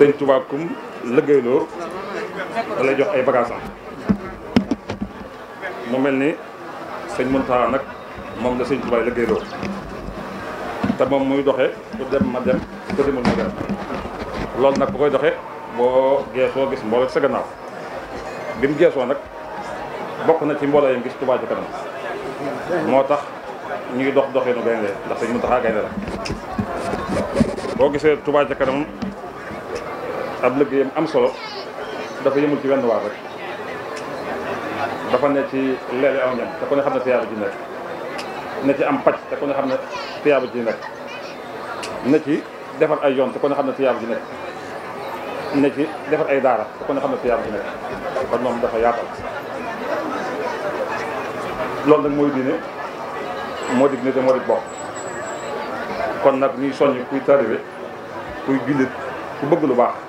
sëñ Tuubaa kum liggéeyloo da lay jox ay bagages mu mel ni sëñ Muntaxa nag moom la sëñ Tuubaa liggéeyloo te moom muy doxe ku dem ma dem ku nag bu koy doxe boo geesoo gis mbooloo sa gannaaw bi geesoo nag bokk na ci mboola yi gis Tuubaa ci kanam moo tax ñu ngi dox doxinu gaynde ndax sëñ Muntaxa gaynde la boo gisee Tuubaa ci kanam ab liggéeyam am solo dafa yëmul ci wenn waar rek dafa ne ci leele aw ñam te ku ne xam ne tiyaaba ji nekk ci am paj te ku xam ne tiyaaba ji nekk ne ci defar ay yoon te ku ne xam ne tiyaaba ji nekk ne ci defar ay daara te ku ne xam ne tiyaaba ji nekk kon moom dafa yaatal loolu nag mooy diine moo dig ne te moo dig bokk kon nag ñuy soññ kuy taalibe kuy jullit ku bëgg lu baax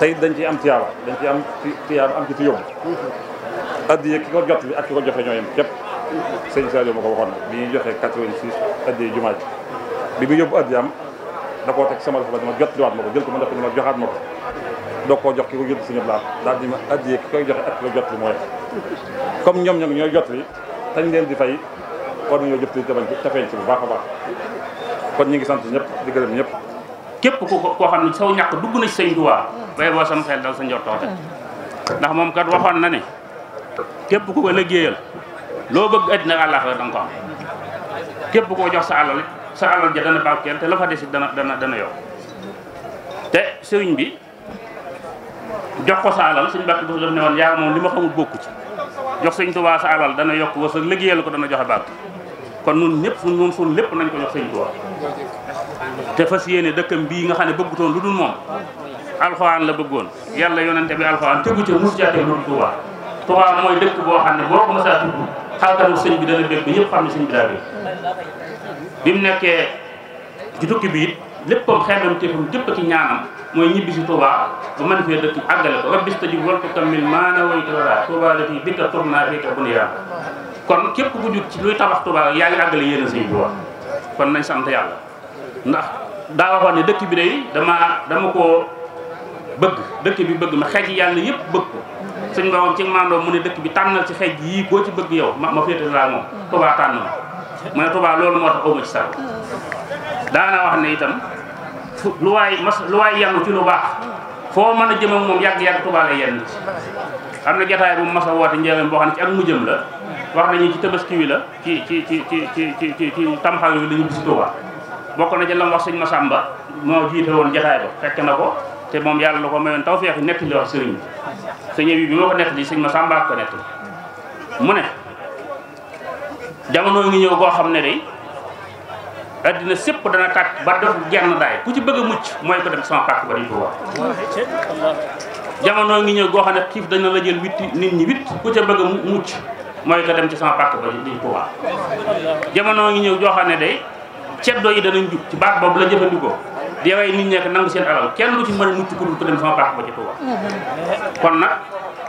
tey dañ ciy am tiyaaba dañ ciy am tiyaaba am ci ci yóbbu addiye ki ko jot bi ak ki ko joxe ñoo yem képp sëñ Sadio ma ko waxoon bi joxe 86 addiye jumaa ji bi bi yóbbu addi am da koo teg sama loxo ba dama jot liwaat ma ko jël ko ma def ni ma joxaat ma ko doo koo jox ki ko jël suñu blaat daal di ma addiye ki koy joxe ak ki ko jot li mooy comme ñoom ñoom ñooy jot li tañ leen di fay war nañoo jëf te bañ ci tafeen ci bu baax a baax kon ñu ngi sant ñëpp di gërëm ñëpp képp ko koo xam ne saw ñàkk dugg na ci sëñ Tuubaa bay boo sam xel dal sa njortoote ndax moom kat waxoon na ne képp ku ko liggéeyal loo bëgg àddina ak àllaaxira da koo jox sa alal sa alal ja dana barkeel te la fa desit dana dana dana yow te sëriñ bi jox ko sa alal suñ bàkk bos daf ne woon yaa moom li ma xamul bokku ci jox sëñ Tuubaa sa alal dana yokk wërsëg liggéeyal ko dana joxe barke kon nun ñëpp suñ moom suñ lépp nañ ko jox sëñ Tuubaa te fas yéene dëkk bii nga xam ne bëggutoon lu dul moom alxuraan la bëggoon yàlla yonente bi alxuraan tegu ca mus jaate lu Tuubaa Tuubaa mooy dëkk boo xam ne boo ko mësaa tudd xalkanu bi dana dégg ba ñëpp xam daa bi mu nekkee ci tukki bi it léppam xeebam téefam jëpp ci ñaanam mooy ñibbi si Tuubaa ba mën fee dëkk àggale ko rabbis tajib wal tukammil maa nawaytu lahaa Tuubaa latii bika turnaa fiika bunyaa kon képp ku jug ci luy tabax Tuubaa yaa ngi àggale yéen a sëñ bi wax kon nañ sant yàlla ndax daa waxoon ne dëkk bi day dama dama koo bëgg dëkk bi bëgg ma xeej yàlla yëpp bëgg ko suñ boroom ci maandoo mu ne dëkk bi tànnal ci xeej yii koo ci bëgg yow ma ma féetali laa moom Tuubaa tànn ma mu ne Tuubaa loolu moo tax awma ci sax daana wax ne itam fu lu waay mas lu waay yanu ci lu baax foo mën a jëm ak moom yàgg-yàgg Tuubaa lay yenn am na jotaay bu mu mas a woote njëriñ boo xam ne ci ak mujjëm la wax nañu ci tabaski wi la ci ci ci ci ci ci ci tamxaw yi dañu bisi bokk na ci la mu wax sëñ Masamba moo jiite woon ba fekk na ko te moom yàlla la ko mayoon tawfeex nekk li wax sëriñ bi sëñ bi bi ma ko nekk li sëñ Masamba ko nekk mu ne jamono ngi ñëw goo xam ne day addina sépp dana tàkk ba dof ku ci bëgg a mucc mooy ko ngi ñëw goo xam ne xiif dañ la jël witti nit ñi witt ku ca bëgg mucc mooy ko dem ci sama pàkk ba dañ ko wax jamono ngi ñëw joo xam ne day ceddo yi danañ jug ci baat boobu la jëfandikoo di way nit ñekk nangu seen alal kenn lu ci mën a mucc ku dul ko dem sama baax ba ci Tuuba kon nag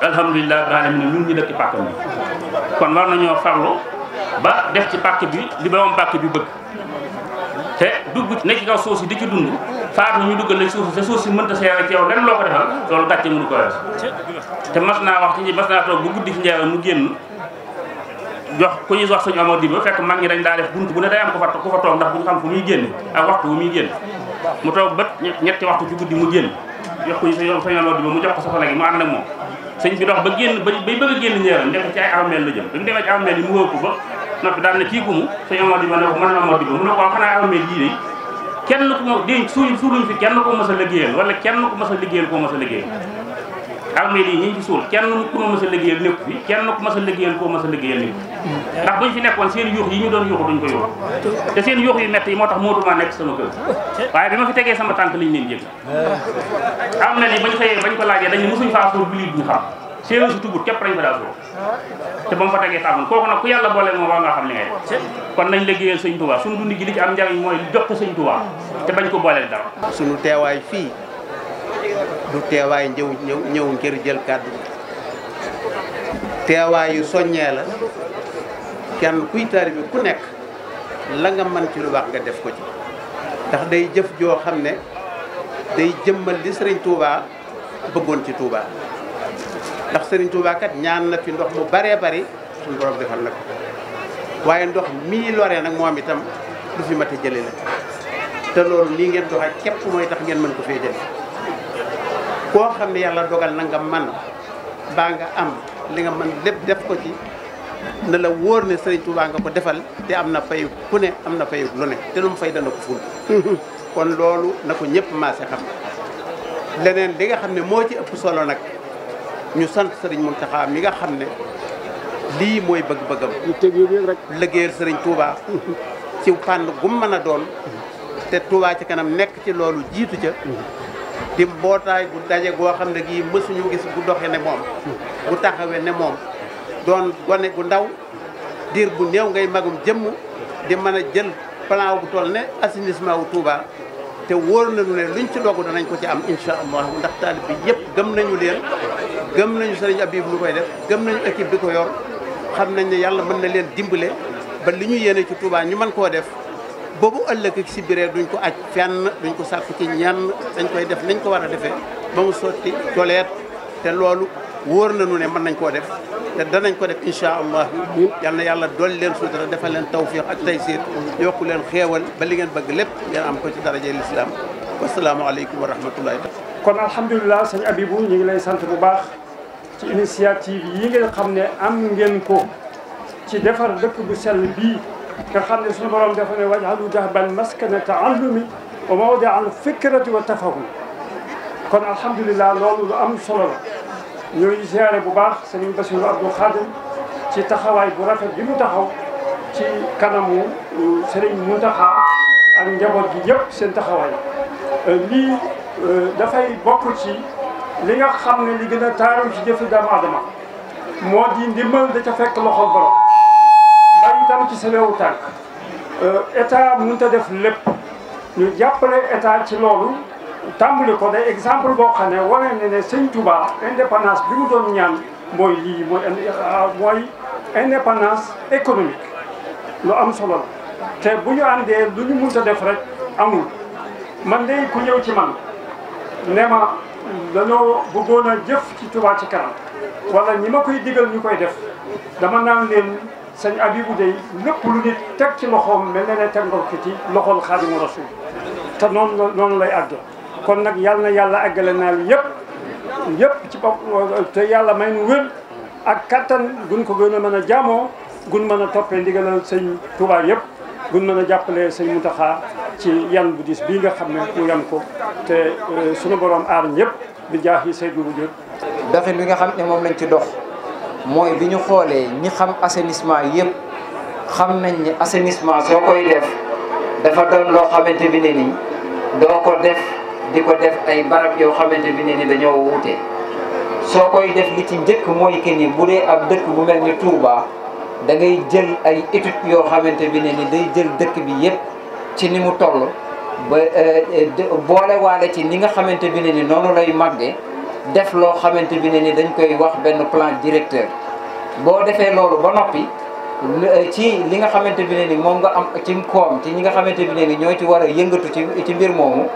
alhamdulilah alamin ñun ñu dëkk pàkk bi kon war nañoo farlu ba def ci pàkk bi li borom pàkk bi bëgg te dugg nekk ci kaw suuf si di ci dund faatu ñu duggal la suuf si te suuf si mënta seere ci yow lenn loo ko defal loolu gàcce mënu ko wees te mas naa wax ci mas naa toog bu guddi ci njaay mu génn jox ku ñuy wax sëñ Omar Diba fekk mag ñi dañ daa def bunt bu ne day am ku fa ku fa toog ndax bu ñu xam fu muy génn ak waxtu mu toog bët ñetti waxtu ci mu génn jox ko sëñ Omar Diba mu jox ko soxla gi mu ànd ak moom sëñ bi dox ba génn ba bay bëgg a génn ñëeram ndek ci ay armeel la jëm bi mu ma ci armeel yi mu wëpp ba noppi daal ne kii ku mu sëñ Omar Diba ne ko mën na Omar Diba mu ne ko waaw xanaa armeel yii day kenn ku ma dénk suñu suñu fi kenn ko mos a liggéeyal wala kenn ko mos a liggéeyal koo mos a liggéeyal armée yi ñi ci suul kenn nu mas a liggéeyal nekk fi kenn ku mas a liggéeyal koo mas a liggéeyal nekk ndax buñ fi nekkoon seen yuux ñu doon yuuxu duñ ko yuuxu te seen yuux tax mootuma nekk sama kër waaye bi ma fi tegee sama tànk lañ leen jëg am na ni bañ xëyee bañ ko laajee dañ ne mosuñ faa suul bi lii duñu xam séeréer su tubut képp dañ fa daa suul te ba mu fa tegee tàmbali kooku nag ku yàlla boole moom waa nga xam li ngay def kon nañ liggéeyal sëñ Touba suñu dund gi li ci am njariñ mooy jox ko sëñ Touba te bañ ko booleel dara suñu teewaay fii du teewaay ñëw ñëw ñëw ngir jël kàddu teewaay yu soññee la kenn kuy bi ku nekk la nga mën ci lu baax nga def ko ci ndax day jëf joo xam ne day jëmmal li sëriñ Touba bëggoon ci Touba ndax sëriñ Touba ñaan na fi ndox mu baree bari suñu borom defal na ko waaye ndox mii loree nag moom itam lu fi mat a jëlee la te loolu lii ngeen doxee képp mooy tax ngeen mën ko fee jëlee. koo xam ne yàlla dogal na man baa nga am li nga man lépp def ko ci na la wóor ne Sëriñ Tuubaa nga ko defal te am na fayu ku ne am na fayu lu ne te lu mu fay dana ko ful kon loolu na ko ñëpp maase xam leneen li nga xam ne moo ci ëpp solo nag ñu sant Sëriñ Muntaxa mi nga xam ne lii mooy bëgg-bëggam rek Sëriñ Tuubaa ci fànn gum mën a doon te Tuubaa ci kanam nekk ci loolu jiitu ca di mbootaay gu daje goo xam ne gii mësuñu gis bu doxe ne moom bu taxawe ne moom doon wane gu ndaw diir bu néew ngay magum jëmm di mën a jël plan bu toll ne assainissement wu Touba te wóor nañu ne luñ ci dogu danañ ko ci am incha allah ndax taalib bi yëpp gëm nañu leen gëm nañu sëriñ Abib lu koy def gëm nañu équipe bi ko yor xam nañ ne yàlla mën na leen dimbale ba li ñu yéene ci Touba ñu mën koo def boobu ëllëg ak si biir duñ ko aj fenn duñ ko sàkku ci ñenn dañ koy def nañ ko war a defee ba mu sotti coleet te loolu wóor nañu ne mën nañ koo def te danañ ko def incha allah yal yàlla dool leen suutara defal leen tawfiq ak taysiir yokku leen xeewal ba li ngeen bëgg lépp ngeen am ko ci darajee lislaam wasalaamaaleykum wa rahmatullahi kon alhamdulilah sëñ Abibou ñu ngi lay sant bu baax ci initiative yi ngeen xam ne am ngeen ko ci defar dëkk bu sell bii كخان سنبرم دفن وجهلو دهب المسكنة تعلمي وموضع الفكرة والتفهم كن الحمد لله لولو الأمن صلى الله نوي زيارة بباخ سنين بس عبد الخادم تي تخواي برافة بمتخو تي كنمو سنين متخا أن جابت جيب سن تخواي أه، لي أه، دفعي بوكو تي لنا خامنة لغنا تاروش جيف دام آدم مودي نمال دي تفك لخل برافة selewu tànk euh, état mënut a def lépp ñu jàppale état ci loolu tàmbali ko day exemple boo xam ne wane na ne sëñ Touba indépendance bi mu doon ñaan mooy lii mooy ah, mooy indépendance économique lu am solo la te bu ñu àndee lu ñu mënut a def rek amul man day ku ñëw ci man ne ma dañoo bëggoon a jëf ci Touba ci kanam wala ñi ma koy digal ñu koy def dama naan leen sëñ Abibu day lépp lu nit teg ci loxoom mel na ne teg nga ko ci loxol Xaadimu Rasuul te noonu la noonu lay àgg kon nag yal na yàlla àggale naal yëpp yëpp ci bopp te yàlla may nu wér ak kattan gun ko gën a mën a jaamoo gun mën a toppee ndigalal sëñ Tuubaa yëpp gun mën jàppale jàppalee sëñ Muntaxa ci yan bu bi nga xam ne mu yan ko te euh, sunu borom aar ñëpp bi jaax yi say dubu jër doxin bi nga xam ne moom lañ ci dox mooy bi ñu xoolee ñi xam assainissement yëpp xam nañ ni assainissement soo koy def dafa doon loo xamante bi ne nii doo ko def di ko def ay barab yoo xamante bi ne ni dañoo wuute soo koy def li ci njëkk mooy que ni bu dee ab dëkk bu mel ni Touba da ngay jël ay études yoo xamante bi ne ni day jël dëkk bi yëpp ci ni mu toll ba euh, euh, boolewaale ci ni nga xamante bi ne ni noonu lay màggee. def loo xamante bi ne ni dañ koy wax benn plan directeur boo defee loolu ba noppi euh, ci li nga xamante bi ne ni moom nga am ci koom ci ñi nga xamante bi ne ni ñoo ci war a yëngatu ci ci mbir moomu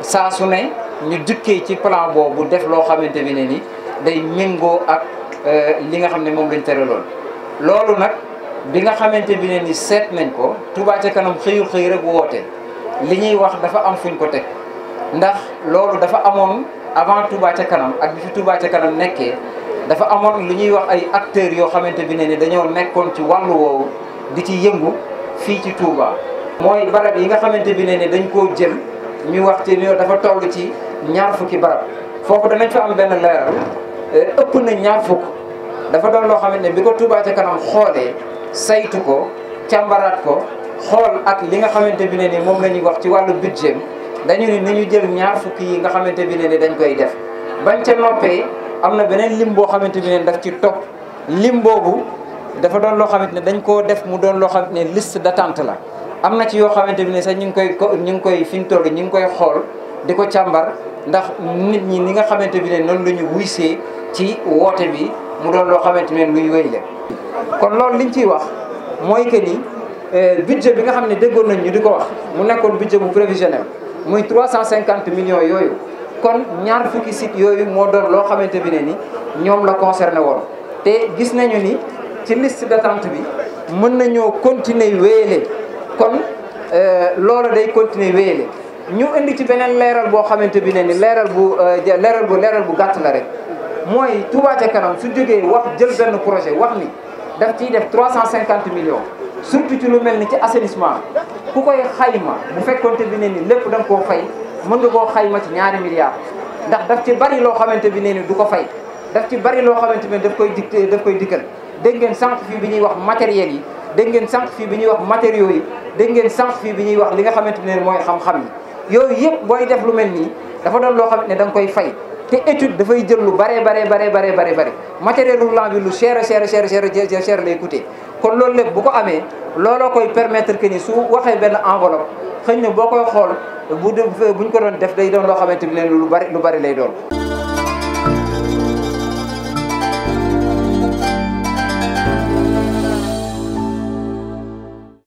saa su ne ñu jukkee ci plan boobu def loo xamante bi ne ni day méngoo ak euh, li nga xam ne moom gañ lañ tëraloon loolu nag bi nga xamante bi ne ni seet nañ ko tubaat ca kanam xëyul xëy rek woote li ñuy wax dafa am fuñ ko teg ndax loolu dafa amoon avant Touba ca kanam ak bi fi Touba ca kanam nekkee dafa amoon lu ñuy wax ay acteurs yoo xamante bi ne ni dañoo nekkoon ci wàllu woowu di ci yëngu fii ci Touba. mooy barab yi nga xamante bi ne dañ koo jëm ñu wax ci ne dafa toll ci ñaar fukki barab foofu danañ fa am benn leeral eh, ëpp na ñaar fukk dafa doon loo xamante ne bi ko Touba ca kanam xoolee saytu ko càmbaraat ko xool ak li nga xamante bi ne moom la ñuy wax ci wàllu budget dañu ni ñu jël ñaar fukki yi nga xamante bi ne ni dañ koy def bañ ca noppee am na beneen lim boo xamante bi ne daf ci topp lim boobu dafa doon loo xamante ne dañ koo def mu doon loo xamante ne liste d'attente la am na ci yoo xamante bi ne sax ñu ngi koy ñu ngi koy fi ñu toll ñu ngi koy xool di ko càmbar ndax nit ñi ni nga xamante bi ne noonu la ñu wuysee ci woote bi mu doon loo xamante ne luy wéy la kon loolu liñ ciy wax mooy que ni euh, budget bi nga xam ne déggoon nañ ñu di ko wax mu nekkoon budget bu prévisionnel muy cinquante million yooyu kon ñaar fukki site yooyu moo doon loo xamante bi ne ni ñoom la concerné woon te gis nañu ni ci list liste d'attente bi mën nañoo continuer wéyale kon euh, loola day continuer wéyale ñu indi ci beneen leeral boo xamante bi ne ni leeral bu euh, leeral bu leeral bu gàtt la rek mooy Touba ca kanam su jógee wax jël benn projet wax ni daf ciy def cent cinquante million surtout ci lu mel ni ci assainissement ku koy xayma bu fekkonte bi ne ni lépp da koo fay mën nga koo xayma ci ñaari milliards ndax daf ci bari loo xamante bi ne ni du ko fay daf ci bari loo xamante bi ne daf koy dikk daf koy dikkal dégg ngeen sànq fii bi ñuy wax matériels yi dégg ngeen sànq fii bi ñuy wax matériaux yi dégg ngeen sànq bi ñuy wax li nga xamante ne mooy xam yooyu yëpp booy def nii dafa doon loo xamante ne danga koy fay te étude dafay jël lu bare bare bare bare bare bare matériel roulant bi lu cher cher cher cher cher lay coûter kon loolu lépp bu ko amee looloo koy permettre que ni su waxee benn enveloppe xëñ ne boo koy xool bu buñ ko doon def day doon loo xamante ni leen lu bari lu bari lay doon